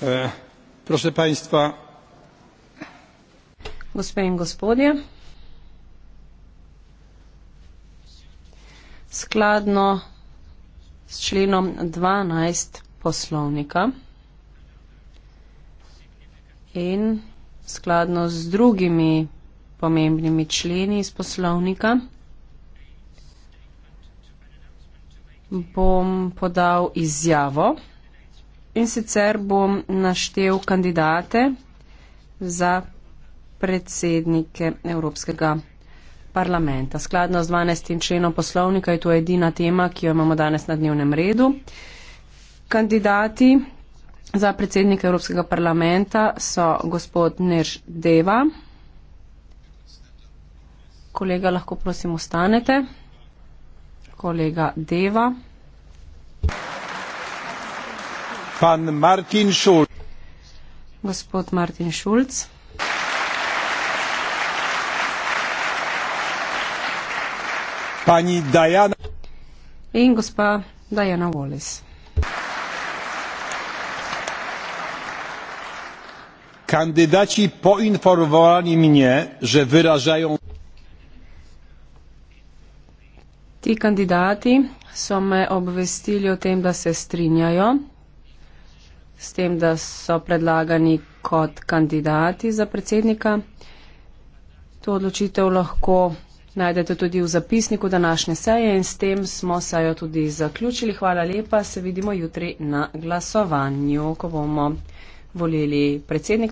E, gospe in gospodje skladno s členom dvanajst poslovnika in skladno z drugimi pomembnimi členi iz poslovnika bom podal izjavo In sicer bom naštel kandidate za predsednike Evropskega parlamenta. Skladno z 12. členom poslovnika je to edina tema, ki jo imamo danes na dnevnem redu. Kandidati za predsednika Evropskega parlamenta so gospod Nerž Deva. Kolega, lahko prosim ostanete. Kolega Deva. gospod Martin Schulz. Pani Diana. In gospa Diana Wallis. Kandidaci poinformovali mnie, že vyražajo. Ti kandidati so me obvestili o tem, da se strinjajo s tem, da so predlagani kot kandidati za predsednika. To odločitev lahko najdete tudi v zapisniku današnje seje in s tem smo sejo tudi zaključili. Hvala lepa, se vidimo jutri na glasovanju, ko bomo volili predsednika.